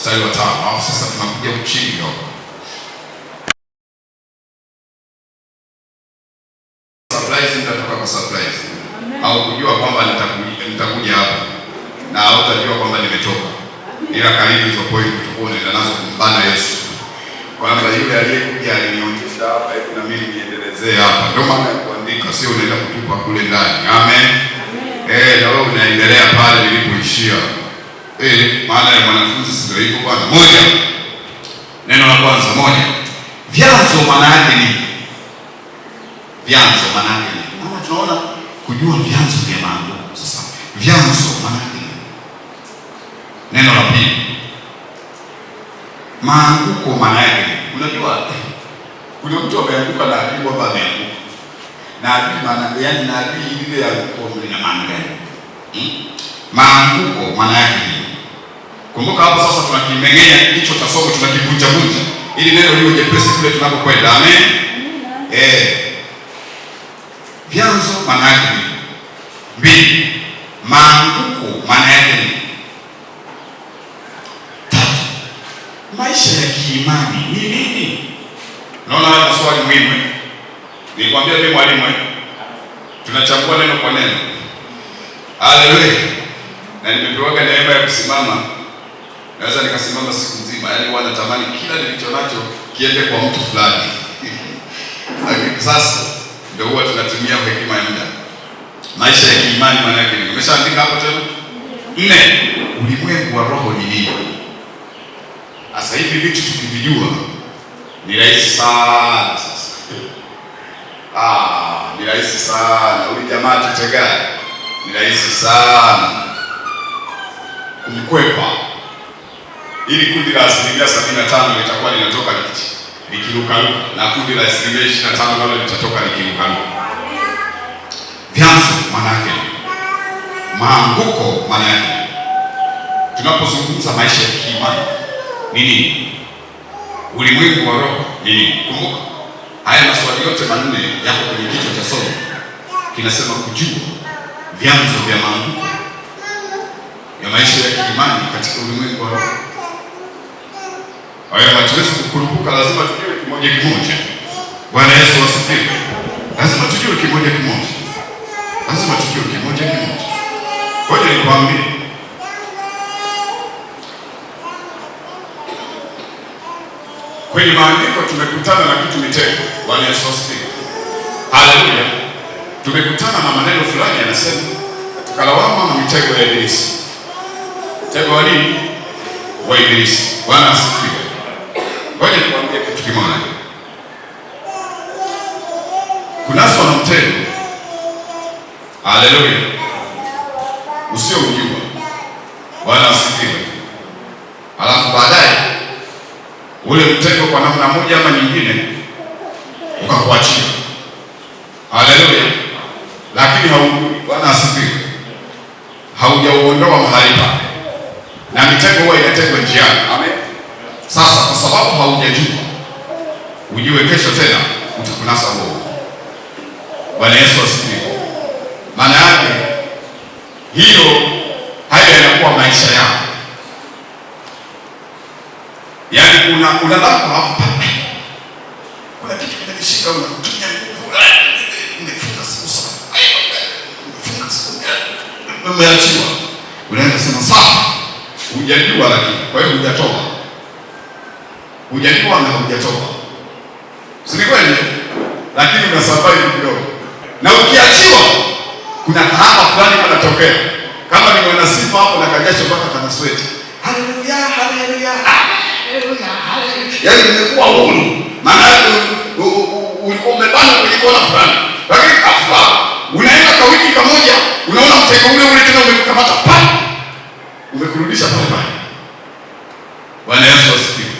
mstari wa tano alafu sasa tunakuja chini kidogo surprise nitatoka kwa surprise au kujua kwamba nitakuja hapa na utajua kwamba nimetoka ila karibu hizo point utakuwa unaenda nazo kumbana Yesu kwamba yule aliyekuja alinionyesha hapa hivi na mimi niendelezee hapa ndio maana ya kuandika sio unaenda kutupa kule ndani amen eh na wewe unaendelea pale nilipoishia Eh, maana ya mwanafunzi sio hivyo bwana. Moja, neno la kwanza moja, vyanzo maana yake ni vyanzo, maana yake ni maana, tunaona kujua vyanzo vya mambo. Sasa vyanzo maana yake ni neno la pili, maanguko maana yake ni unajua, kuna mtu ameanguka na ajui kwamba ameanguka na ajui maana, yaani na ajui ile ya kuomba ina maana gani? Hmm? Maanguko maana yake ni Kumbuka hapo sasa tunakimengenya kichwa cha somo tunakivunja vunja ili neno liwe jepesi kule tunapokwenda. Amen. Eh. Vyanzo maana yake mbili. Maanguko maana yake tatu. Maisha ya kiimani ni nini? Naona haya maswali muhimu. Eh. Nilikwambia mimi mwalimu eh, tunachambua neno kwa neno. Haleluya. Na nimepewa neema ya kusimama naweza nikasimama siku nzima, yaani huwa natamani kila nilicho nacho kiende kwa mtu fulani. Lakini sasa ndio huwa tunatumia hekima ya muda. Maisha ya kiimani maana yake ni Umeshaandika hapo tena? Nne, ulimwengu wa roho ni nini? Sasa hivi vitu tukivijua ni rahisi sana sasa. Ah, ni rahisi sana. Huyu jamaa tutegae. Ni rahisi sana kumkwepa ili kundi la asilimia sabini na tano litakuwa linatoka likirukaruka na kundi la asilimia ishirini na tano nalo litatoka likirukaruka. Vyanzo maana yake maanguko, maana yake tunapozungumza maisha ya kiimani ni nini, ulimwengu wa roho ni nini? Kumbuka haya maswali yote manne yako kwenye kichwa cha somo, kinasema kujua vyanzo vya maanguko ya maisha ya kiimani katika ulimwengu wa roho. Kwa hiyo hatuwezi kukurupuka, lazima tujue kimoja kimoja. Bwana Yesu asifiwe. Lazima tujue kimoja kimoja, lazima tujue kimoja kimoja. Ngoja nikwambie, kwenye maandiko tumekutana na kitu mitego. Bwana Yesu asifiwe. Haleluya. Tumekutana na maneno fulani yanasema katika lawama na mitego ya Ibilisi. Mtego wa nini? Wa Ibilisi. Bwana asifiwe. Wewe nikuambie kitu kimoja, kunaswa na mtego, haleluya, usiojua Bwana asifiwe. alafu baadaye ule mtego kwa namna moja ama nyingine ukakuachia. Haleluya, lakini haujui, Bwana asifiwe, haujauondoa mahali pake, na mitego huwa inatengwa njiani. Amen. Sasa kwa sababu haujajua, ujue kesho tena utakunasa huo. Bwana Yesu asifiwe. Maana yake hiyo, hayo yanakuwa maisha yako, yaani una unalala hapa, kuna kitu kinanishika, unatumia nguvu, nimefunga siku saba, nimefunga siku umeachiwa, unaenda sema sawa, hujajua, lakini kwa hiyo hujatoka hujaliwa na hujatoka, si ni kweli? Eh? Lakini unasurvive kidogo, na ukiachiwa kuna kahaba fulani kanatokea, kama ni mwanasifa hapo na kajasho mpaka sweti. haleluya, haleluya, yaani nimekuwa huru, maana ulikuwa umebana kwenye kona fulani, lakini ghafla unaenda kwa wiki kamoja, unaona mtego ule ule tena umekukamata pale, umekurudisha pale pale. Bwana Yesu asifiwe.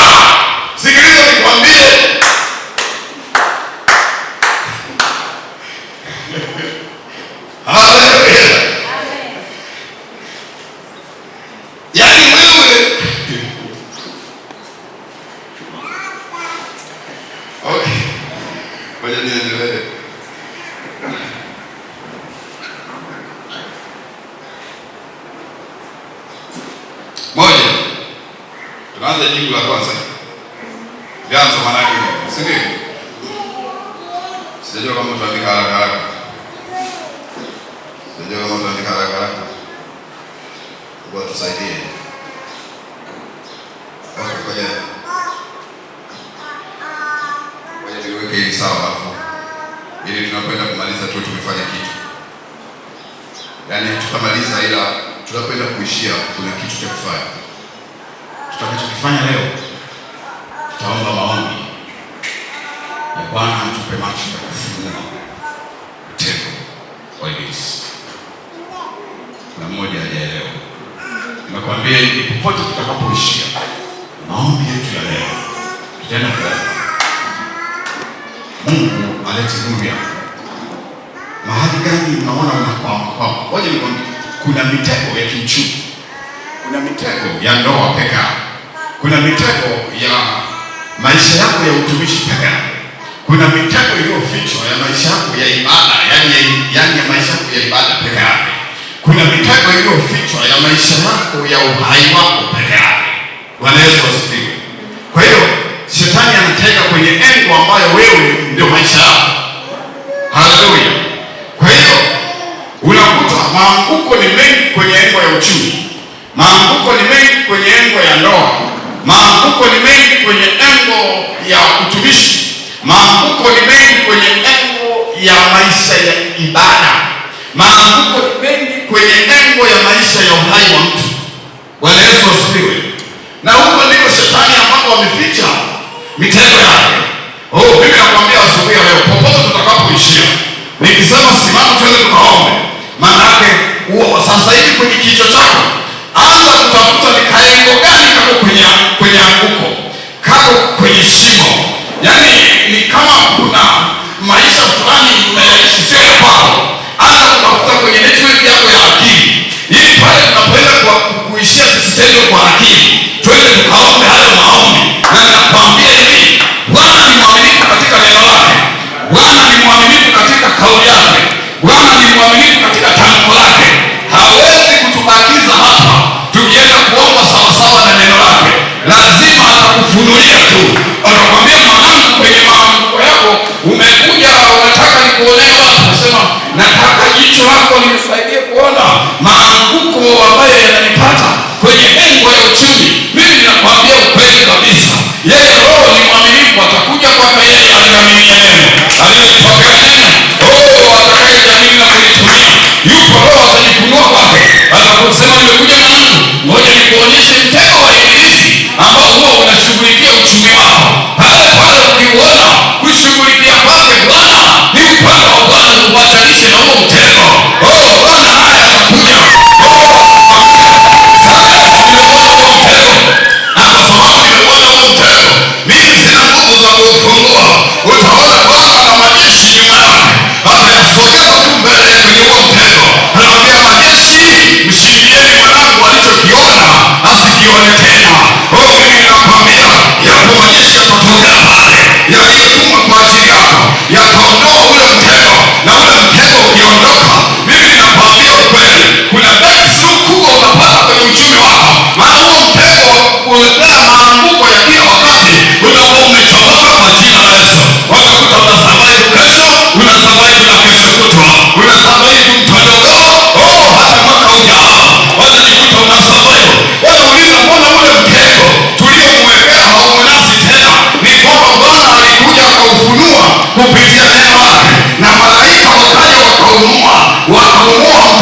tusaidie. Ngoja niweke hili sawa, alafu ili tunapoenda kumaliza tu tumefanya kitu, yaani tutamaliza, ila tunapoenda kuishia kuna kitu cha kufanya. Tutakachokifanya leo, tutaomba maombi ya Bwana atupe macho popote tutakapoishia, maombi yetu ya leo tutaenda kulala. Mungu alete nuru yako. Mahali gani unaona unakwama? Ngoja nikwambie, kuna mitego ya kiuchumi, kuna mitego ya ndoa peke kuna mitego ya maisha yako ya utumishi peke yako, kuna mitego iliyofichwa ya maisha yako ya ibada, yani ya maisha yako ya ibada peke yako kuna mitego iliyofichwa ya maisha yako ya uhai wako peke yake. Bwana Yesu asifiwe. Kwa hiyo shetani anatega kwenye engo ambayo wewe ndio maisha yako. Haleluya. Kwa hiyo unakuta maanguko ni mengi kwenye engo ya uchumi, maanguko ni mengi kwenye engo ya ndoa, maanguko ni mengi kwenye engo ya utumishi, maanguko ni mengi kwenye engo ya maisha ya ibada maanguko mengi kwenye engo ya maisha ya uhai wa mtu. Bwana Yesu asifiwe. mavuno yetu. Anakwambia mwanangu, kwenye maamko yako umekuja, unataka nikuonea watu. Nasema nataka jicho lako linisaidie kuona maanguko ambayo yananipata kwenye engo ya uchumi. Mimi ninakwambia ukweli kabisa, yeye Roho ni mwaminifu, atakuja kwake yeye aliaminia neno anayepokea neno, oh, atakayeamini na kulitumia, yupo Roho atajifunua kwake, atakaposema nimekuja mwanangu, ngoja nikuonyeshe mtego 兄弟们 one o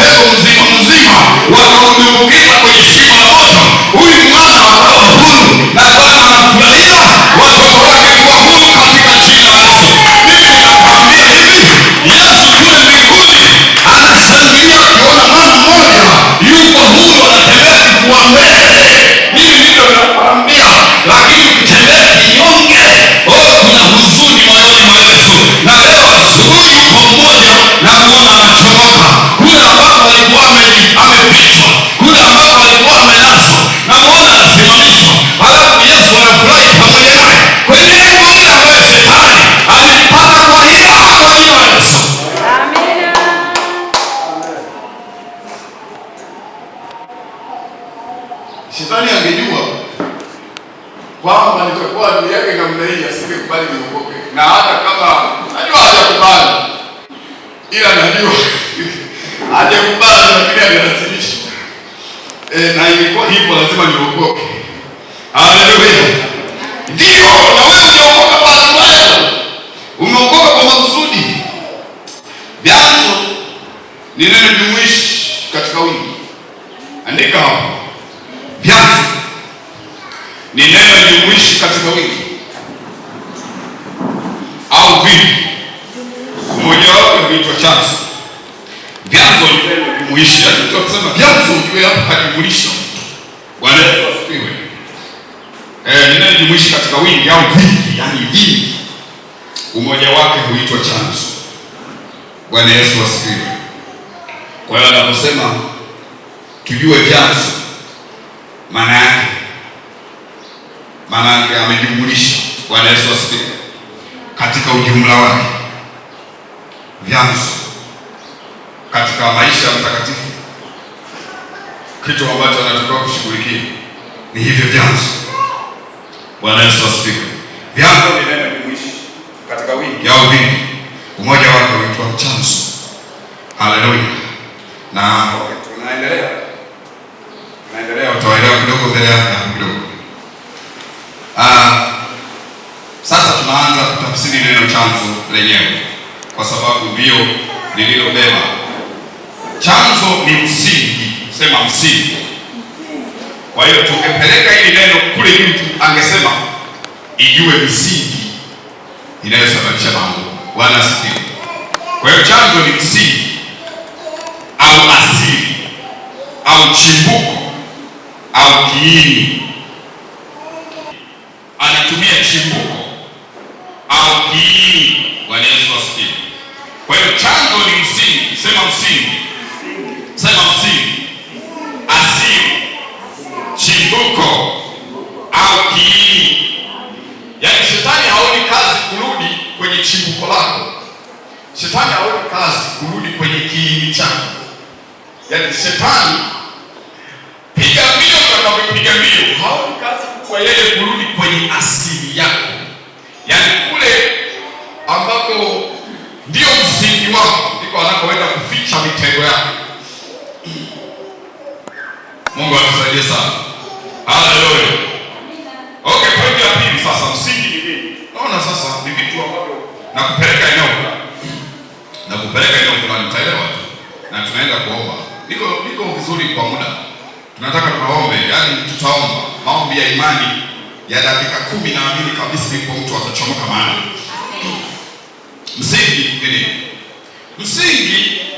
yake namna hii, asingekubali niokoke, na hata kama najua hajakubali, ila najua hajakubali, lakini alilazimisha eh, na ilikuwa hivyo, lazima niokoke. Haleluya! Ah, Ndio na wewe nawezaokoka baziwao, umeokoka kwa makusudi. Vyanzo ni neno jumuishi katika wingi, andika hapo, vyanzo ni neno kuishi katika wingi au mmoja wao inaitwa chanzo, vyanzo muishi. Tunasema vyanzo ujue hapo kajumulisha. Bwana Yesu asifiwe. Eh, ninajumuishi katika wingi au vingi, yani vingi, umoja wake huitwa chanzo. Bwana Yesu asifiwe. Kwa hiyo anaposema tujue vyanzo, maana yake maanake amejumulisha Bwana Yesu asifiwe. Katika ujumla wake vyanzo katika maisha ya mtakatifu, kitu ambacho anatakiwa kushughulikia ni hivyo vyanzo. Bwana Yesu asifiwe. Vyanzo ni neno jumuishi katika wingi au vingi, umoja wake huitwa chanzo. Haleluya. Na tunaendelea, tunaendelea, utaelewa kidogo mbele yake kidogo tafsiri neno chanzo lenyewe, kwa sababu ndio lililobeba. Chanzo ni msingi, sema msingi. Kwa hiyo tungepeleka hili neno kule juu, angesema ijue msingi inayosababisha mambo. Bwana asifiwe. Kwa hiyo chanzo ni msingi au asili au chimbuko au kiini, anatumia chimbuko au kiini Bwana Yesu asifiwe. Kwa hiyo chanzo ni msingi, sema msingi, sema msingi, asili, chimbuko au kiini. Yaani shetani haoni kazi kurudi kwenye chimbuko lako, shetani haoni kazi kurudi kwenye kiini chako. Yaani shetani piga mbio, kama piga mbio, haoni kazi kwa yeye cha mitego yake. Mungu atusaidie sana. Haleluya. Okay, point ya pili sasa, msingi ni nini? Naona sasa ni vitu ambavyo nakupeleka eneo fulani. Nakupeleka eneo fulani mtaelewa tu. Na tunaenda kuomba. Niko niko vizuri kwa muda. Tunataka tuombe, yani tutaomba maombi ya imani ya dakika kumi na mbili kabisa ndipo mtu atachomoka mahali. Msingi ni nini? Msingi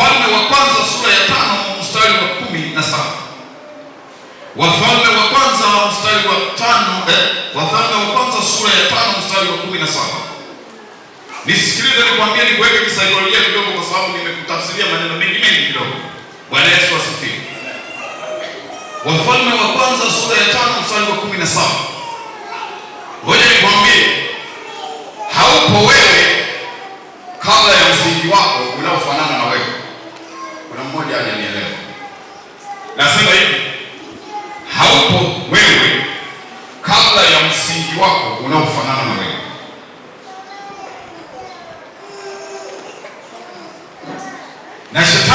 Wafalme wa kwanza sura ya tano mstari wa kumi na saba Wafalme wa kwanza mstari wa tano eh, Wafalme wa kwanza sura ya tano mstari wa kumi na saba Nisikilize nikwambie, nikuweke kisaikolojia kidogo, kwa sababu nimekutafsiria maneno mengi mengi kidogo. Bwana Yesu asifiwe. Wafalme wa kwanza sura ya tano mstari wa kumi na saba Ngoja nikwambie, haupo wewe kabla ya msingi wako unaofanana Nasema hivi, haupo wewe kabla ya msingi wako unaofanana na wewe. Na shetani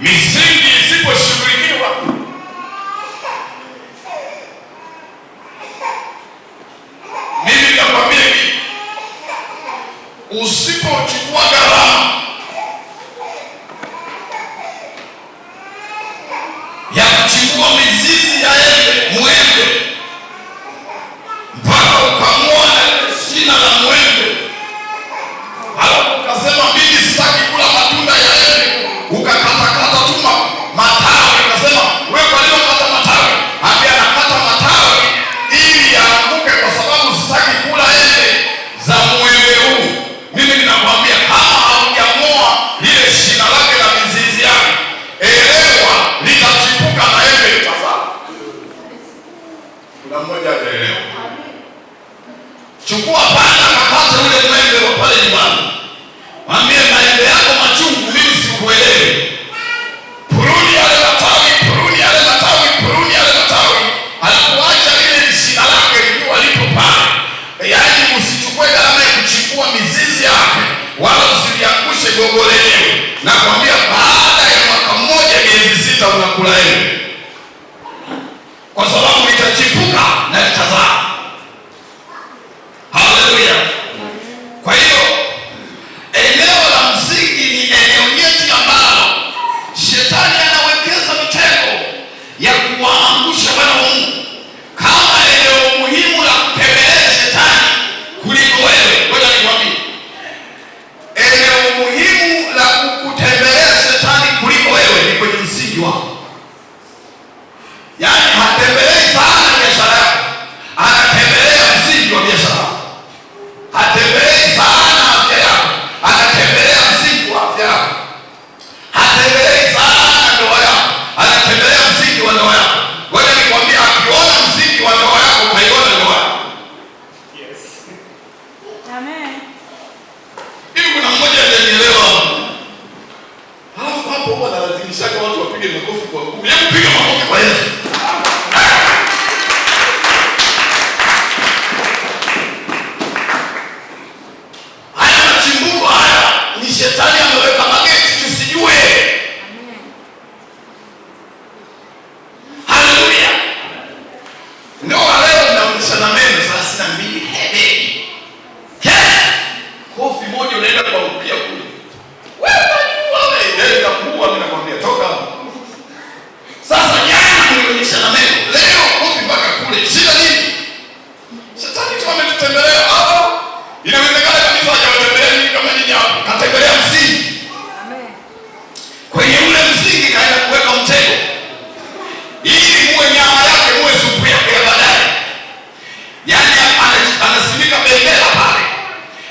Miss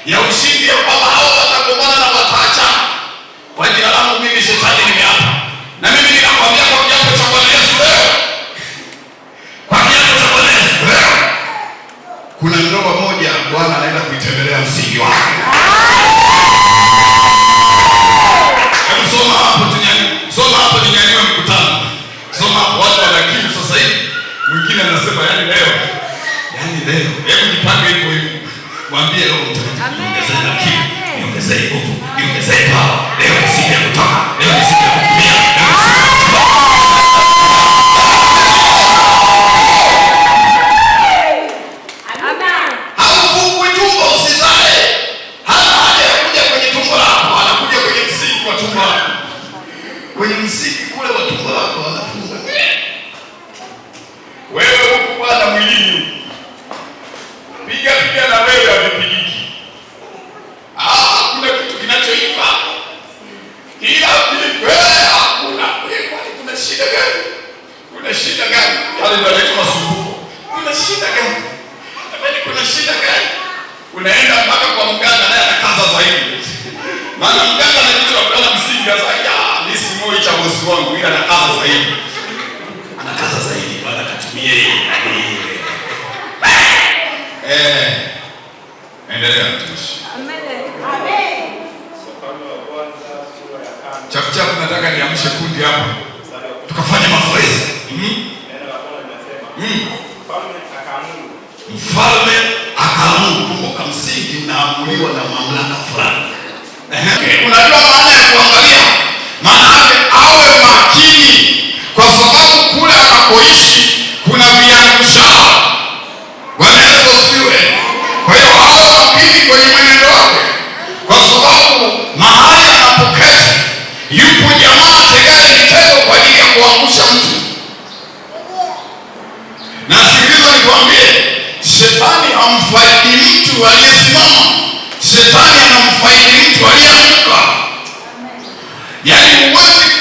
ya ushindi Chapchap nataka niamshe kundi hapa tukafanya mazoezi mm. mm. Mfalme akaamuru. Kumbuka msingi unaamuliwa na mamlaka fulani. Unajua maana ya kuangalia Shetani hamfaidi mtu aliyesimama, shetani hamfaidi mtu aliyeamka. Yaani huwezi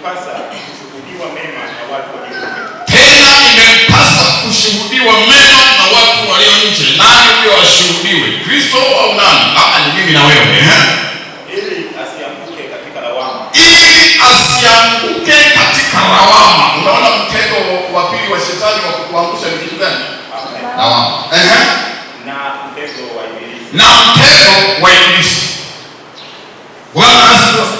imempasa kushuhudiwa mema na watu walio tena, imempasa kushuhudiwa mema na watu walio nje. Nani ndio washuhudiwe? Kristo au nani? Ama ni mimi na wewe, eh? ili asianguke katika lawama, Unaona mtego wa pili wa shetani wa kuangusha ni kitu gani? Lawama. Ehe, na mtego wa ibilisi, na mtego wa ibilisi. Bwana asifiwe.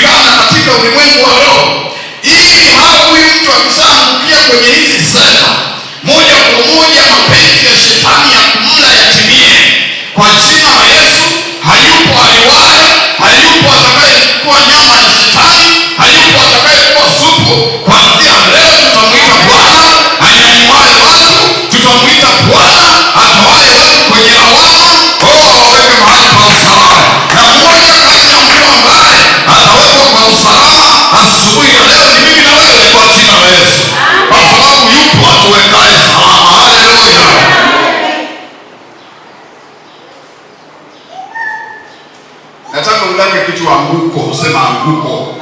kupatikana katika ulimwengu wa roho, ili mara huyu mtu akishaangukia kwenye hizi sera, moja kwa moja mapenzi ya shetani ya kumla yatimie. Kwa jina la Yesu, hayupo aliwaye, hayupo atakayekuwa nyama ya shetani, hayupo atakayekuwa supu. Kuanzia leo tutamwita Bwana ayajumaye watu tutamwita Bwana atoaye kwenye mabwana. Wao waweke oh, mahali pa usalama. asubuhi anasema mimi nafsi nilikuwa sina wezo, kwa sababu yupo atuwekaye salama. Haleluya! Nataka udake kitu anguko, usema anguko